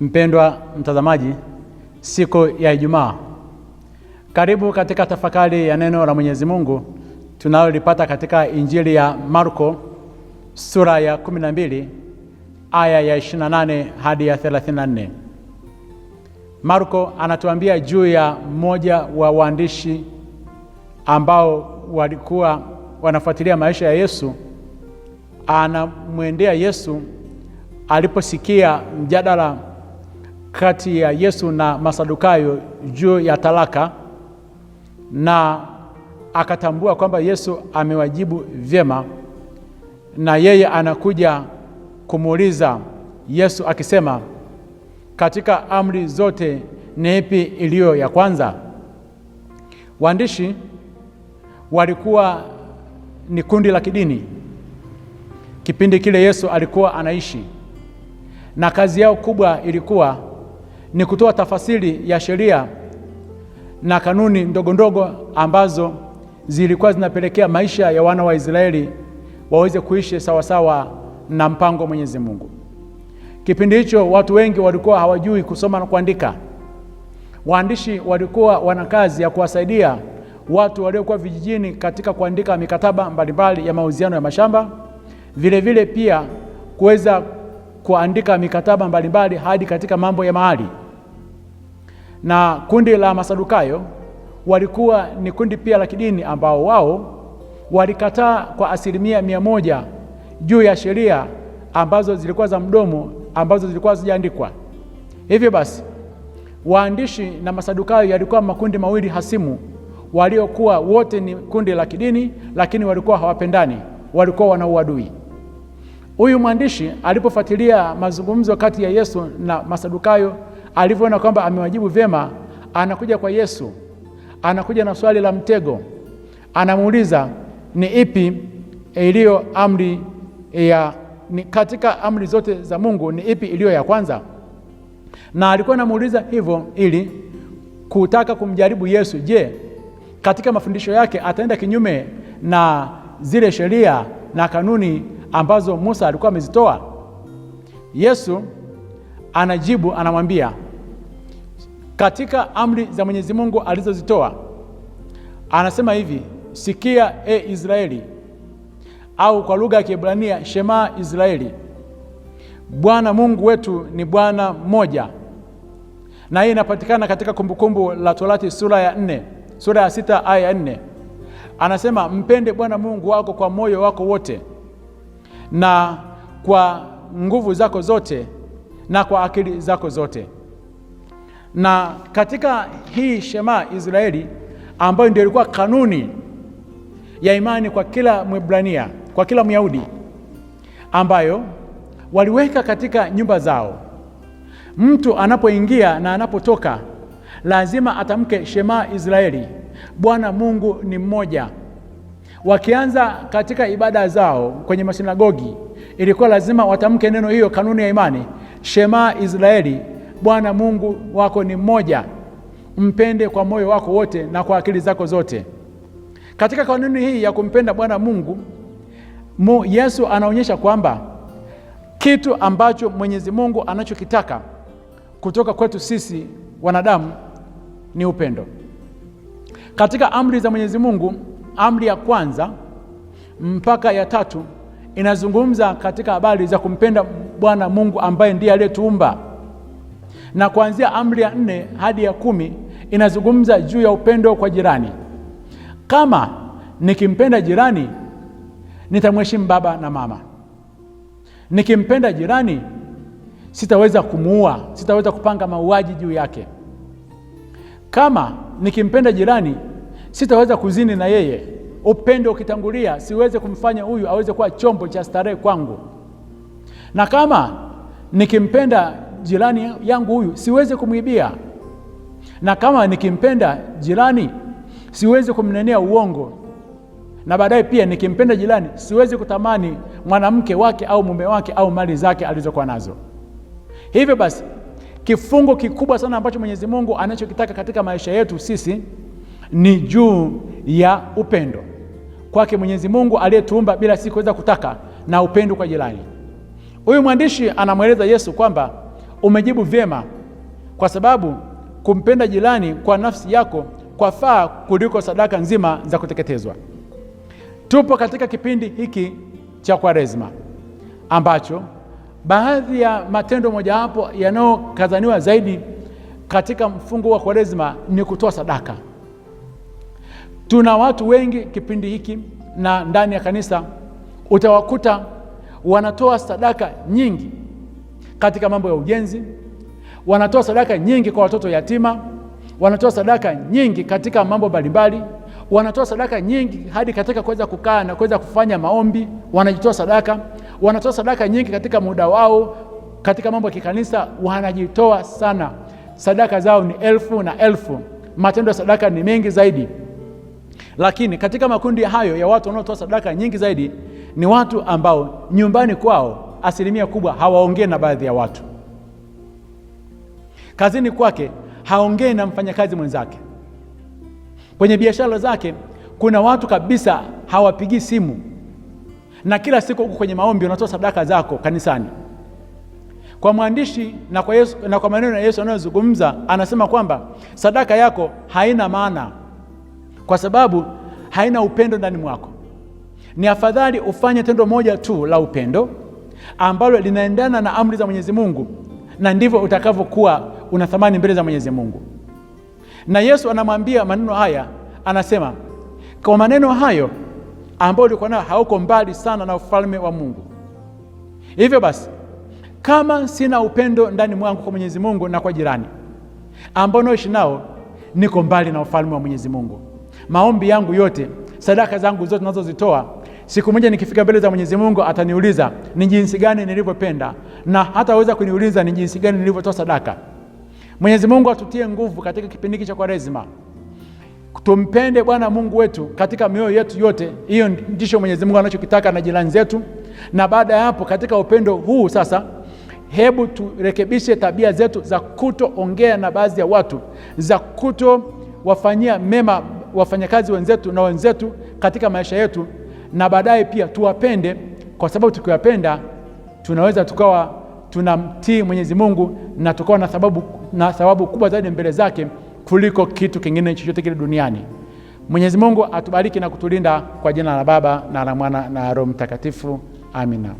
Mpendwa mtazamaji, siku ya Ijumaa, karibu katika tafakari ya neno la Mwenyezi Mungu tunalolipata katika Injili ya Marko sura ya 12 aya ya 28 hadi ya 34. Marko anatuambia juu ya mmoja wa waandishi ambao walikuwa wanafuatilia maisha ya Yesu. Anamwendea Yesu aliposikia mjadala kati ya Yesu na Masadukayo juu ya talaka, na akatambua kwamba Yesu amewajibu vyema, na yeye anakuja kumuuliza Yesu akisema, katika amri zote ni ipi iliyo ya kwanza? Waandishi walikuwa ni kundi la kidini kipindi kile Yesu alikuwa anaishi, na kazi yao kubwa ilikuwa ni kutoa tafasiri ya sheria na kanuni ndogo ndogo ambazo zilikuwa zinapelekea maisha ya wana wa Israeli waweze kuishi sawasawa na mpango wa Mwenyezi Mungu. Kipindi hicho watu wengi walikuwa hawajui kusoma na kuandika. Waandishi walikuwa wana kazi ya kuwasaidia watu waliokuwa vijijini katika kuandika mikataba mbalimbali ya mauziano ya mashamba, vilevile vile pia kuweza kuandika mikataba mbalimbali hadi katika mambo ya mahali na kundi la Masadukayo walikuwa ni kundi pia la kidini ambao wao walikataa kwa asilimia mia moja juu ya sheria ambazo zilikuwa za mdomo ambazo zilikuwa zijaandikwa. Hivyo basi, waandishi na Masadukayo yalikuwa makundi mawili hasimu waliokuwa wote ni kundi la kidini, lakini walikuwa hawapendani, walikuwa wana uadui. Huyu mwandishi alipofuatilia mazungumzo kati ya Yesu na Masadukayo alivyoona kwamba amewajibu vyema, anakuja kwa Yesu, anakuja na swali la mtego, anamuuliza ni ipi iliyo amri ya ni katika amri zote za Mungu ni ipi iliyo ya kwanza? Na alikuwa anamuuliza hivyo ili kutaka kumjaribu Yesu. Je, katika mafundisho yake ataenda kinyume na zile sheria na kanuni ambazo Musa alikuwa amezitoa? Yesu anajibu, anamwambia katika amri za Mwenyezi Mungu alizozitoa anasema hivi: sikia e Israeli, au kwa lugha ya Kiebrania shema Israeli, Bwana Mungu wetu ni Bwana mmoja. Na hii inapatikana katika Kumbukumbu la Torati sura ya nne, sura ya sita aya ya nne. Anasema mpende Bwana Mungu wako kwa moyo wako wote na kwa nguvu zako zote na kwa akili zako zote na katika hii Shema Israeli ambayo ndio ilikuwa kanuni ya imani kwa kila Mwebrania, kwa kila Myahudi, ambayo waliweka katika nyumba zao, mtu anapoingia na anapotoka lazima atamke Shema Israeli, Bwana Mungu ni mmoja. Wakianza katika ibada zao kwenye masinagogi, ilikuwa lazima watamke neno hiyo, kanuni ya imani, Shema Israeli Bwana Mungu wako ni mmoja, mpende kwa moyo wako wote na kwa akili zako zote. Katika kanuni hii ya kumpenda Bwana Mungu mu, Yesu anaonyesha kwamba kitu ambacho Mwenyezi Mungu anachokitaka kutoka kwetu sisi wanadamu ni upendo. Katika amri za Mwenyezi Mungu, amri ya kwanza mpaka ya tatu inazungumza katika habari za kumpenda Bwana Mungu ambaye ndiye aliyetuumba na kuanzia amri ya nne hadi ya kumi inazungumza juu ya upendo kwa jirani. Kama nikimpenda jirani nitamheshimu baba na mama. Nikimpenda jirani sitaweza kumuua, sitaweza kupanga mauaji juu yake. Kama nikimpenda jirani sitaweza kuzini na yeye. Upendo ukitangulia, siweze kumfanya huyu aweze kuwa chombo cha starehe kwangu. Na kama nikimpenda jirani yangu huyu siwezi kumwibia, na kama nikimpenda jirani siwezi kumnenea uongo, na baadaye pia nikimpenda jirani siwezi kutamani mwanamke wake au mume wake au mali zake alizokuwa nazo. Hivyo basi kifungo kikubwa sana ambacho Mwenyezi Mungu anachokitaka katika maisha yetu sisi ni juu ya upendo kwake Mwenyezi Mungu aliyetuumba bila si kuweza kutaka na upendo kwa jirani. Huyu mwandishi anamweleza Yesu kwamba umejibu vyema, kwa sababu kumpenda jirani kwa nafsi yako kwa faa kuliko sadaka nzima za kuteketezwa. Tupo katika kipindi hiki cha Kwaresma ambacho baadhi ya matendo mojawapo yanayokazaniwa zaidi katika mfungo wa Kwaresma ni kutoa sadaka. Tuna watu wengi kipindi hiki na ndani ya kanisa utawakuta wanatoa sadaka nyingi katika mambo ya ujenzi, wanatoa sadaka nyingi kwa watoto yatima, wanatoa sadaka nyingi katika mambo mbalimbali, wanatoa sadaka nyingi hadi katika kuweza kukaa na kuweza kufanya maombi, wanajitoa sadaka, wanatoa sadaka nyingi katika muda wao, katika mambo ya kikanisa wanajitoa sana. Sadaka zao ni elfu na elfu, matendo ya sadaka ni mengi zaidi. Lakini katika makundi hayo ya watu wanaotoa sadaka nyingi zaidi ni watu ambao nyumbani kwao asilimia kubwa hawaongei na baadhi ya watu. Kazini kwake haongei na mfanyakazi mwenzake. Kwenye biashara zake kuna watu kabisa hawapigii simu, na kila siku huko kwenye maombi unatoa sadaka zako kanisani. Kwa mwandishi na kwa, Yesu, na kwa maneno ya Yesu anayozungumza anasema kwamba sadaka yako haina maana kwa sababu haina upendo ndani mwako. Ni afadhali ufanye tendo moja tu la upendo ambalo linaendana na amri za Mwenyezi Mungu, na ndivyo utakavyokuwa una thamani mbele za Mwenyezi Mungu. Na Yesu anamwambia maneno haya, anasema kwa maneno hayo ambayo ulikuwa nayo hauko mbali sana na ufalme wa Mungu. Hivyo basi, kama sina upendo ndani mwangu kwa Mwenyezi Mungu na kwa jirani ambao naoishi nao, niko mbali na ufalme wa Mwenyezi Mungu. Maombi yangu yote, sadaka zangu zote nazozitoa Siku moja nikifika mbele za Mwenyezi Mungu ataniuliza ni jinsi gani nilivyopenda, na hataweza kuniuliza ni jinsi gani nilivyotoa sadaka. Mwenyezi Mungu atutie nguvu katika kipindi hiki cha Kwaresima, tumpende Bwana Mungu wetu katika mioyo yetu yote. Hiyo ndicho Mwenyezi Mungu anachokitaka na jirani zetu. Na baada ya hapo, katika upendo huu sasa, hebu turekebishe tabia zetu za kutoongea na baadhi ya watu, za kuto wafanyia mema wafanyakazi wenzetu na wenzetu katika maisha yetu na baadaye pia tuwapende, kwa sababu tukiwapenda tunaweza tukawa tunamtii Mwenyezi Mungu na tukawa na sababu, na sababu kubwa zaidi mbele zake kuliko kitu kingine chochote kile duniani. Mwenyezi Mungu atubariki na kutulinda kwa jina la Baba na la Mwana na Roho Mtakatifu. Amina.